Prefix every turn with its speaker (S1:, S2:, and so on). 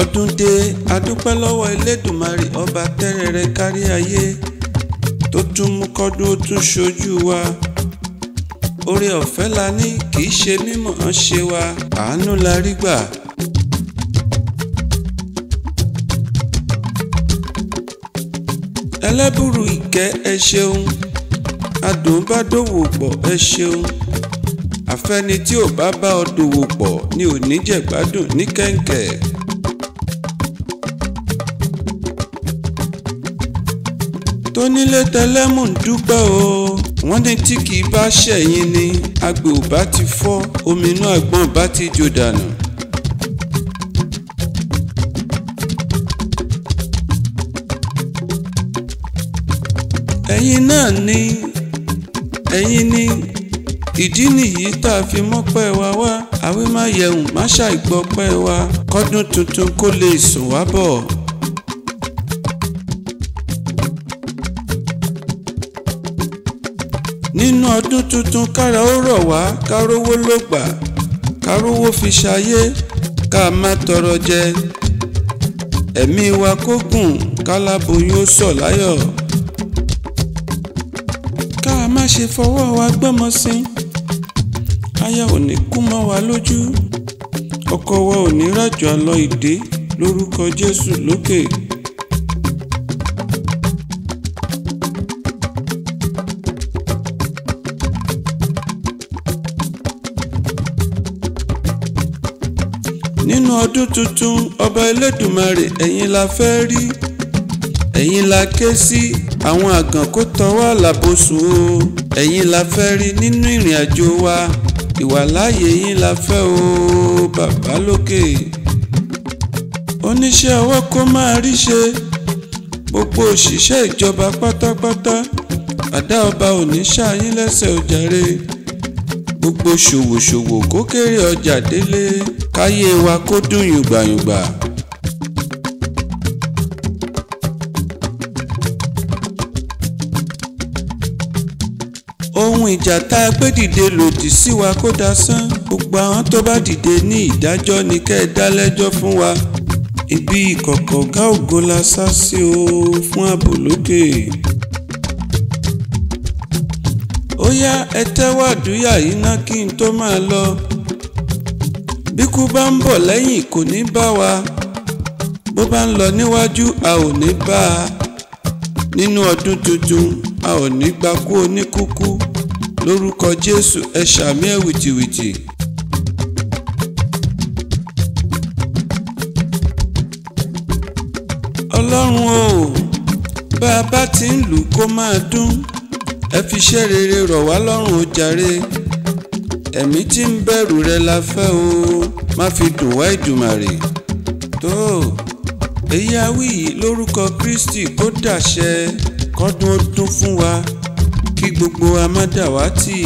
S1: ọdún dé adúpẹ́ lọ́wọ́ elédùnmarè ọba tẹ́rẹ̀rẹ̀ kárí ayé tó tún mú kọ́dún ó tún ṣojú wa oore ọ̀fẹ́ la ní kì í ṣe mímọ̀ ọ́n ṣe wa àánú la rí gbà. ẹlẹ́bùrú ìkẹ́ ẹ ṣeun adùn bá dòwò pọ̀ ẹ ṣeun àfẹ́ni tí ò bá bá ọ dòwò pọ̀ ni ò ní jẹ̀gbádùn ní kẹ̀ǹkẹ̀. tónílé tẹlẹ́mù ń dúpẹ́ o wọ́n ní tí kì í bá ṣẹ̀yìn ni agbè ò bá ti fọ́ omi inú àgbọn bá ti jò dànù. ẹ̀yin náà ni ẹ̀yin ni ìdí nìyí tá a fi mọ́pẹ́ wa wá àwí má yẹun má ṣàìgbọ́pẹ́ wa kọ́dún tuntun kó lè sùn wá bọ̀. ọdún tuntun kára ó rọ̀ wá ká rówó ló gbà ká rówó fi ṣayé ká má tọrọ jẹ ẹ̀mí wa kó gùn ká láboyún ó sọ̀ láyọ̀ ká má ṣe fọwọ́ wa gbọ́mọ sí aya ò ní kú mọ́ wa lójú ọkọ wa ò ní rájò àlọ́ ìdè lórúkọ Jésù lókè. Okay. nínú ọdún tuntun ọba elédùmarè ẹ̀yin la fẹ́ rí ẹ̀yin la ké sí àwọn àgàn kó tọwọ́ àlàbòsùn o ẹ̀yin la fẹ́ rí nínú ìrìn àjò wa ìwàláàyè yín la fẹ́ o bàbá lókè oníṣẹ́ ọwọ́ kó máa rí ṣe gbogbo òṣìṣẹ́ ìjọba pátápátá àdá ọba òní ṣáàyín lẹ́sẹ̀ ó jàre gbogbo ṣòwòṣòwò kó kéré ọjà délé káyé wa kó dùn yùgbàyùgbà. ohun ìjà tá a gbé dìde lòdì sí wa kó dasán gbogbo àwọn tó bá dìde ní ìdájọ́ ni kẹ́ ẹ dá lẹ́jọ́ fún wa ibi ìkọ̀kọ̀ ọ̀gá ògo la sá sí o fún ààbò lókè. ó yá ẹ tẹ́wọ́ àdúyà yìí ná kí n tó máa lọ bíkú bá ń bọ̀ lẹ́yìn kò ní bá wa bó bá ń lọ níwájú a ò ní bá a nínú ọdún tuntun a ò ní gba kú oníkúkú lórúkọ Jésù ẹ ṣàmì ẹ wìtìwìtì. Ọlọ́run o bá a bá ti ń lù kó máa dún ẹ fi iṣẹ́ rere rọ̀ wá lọ́rùn ó jàre ẹ̀mí tí ń bẹ̀rù rẹ la fẹ́ o má fi dùn wá ìdùmàrè tó èyí awí yìí lórúkọ Kristi kó dàṣẹ kọ́dún ó dún fún wa kí gbogbo amádàwátì.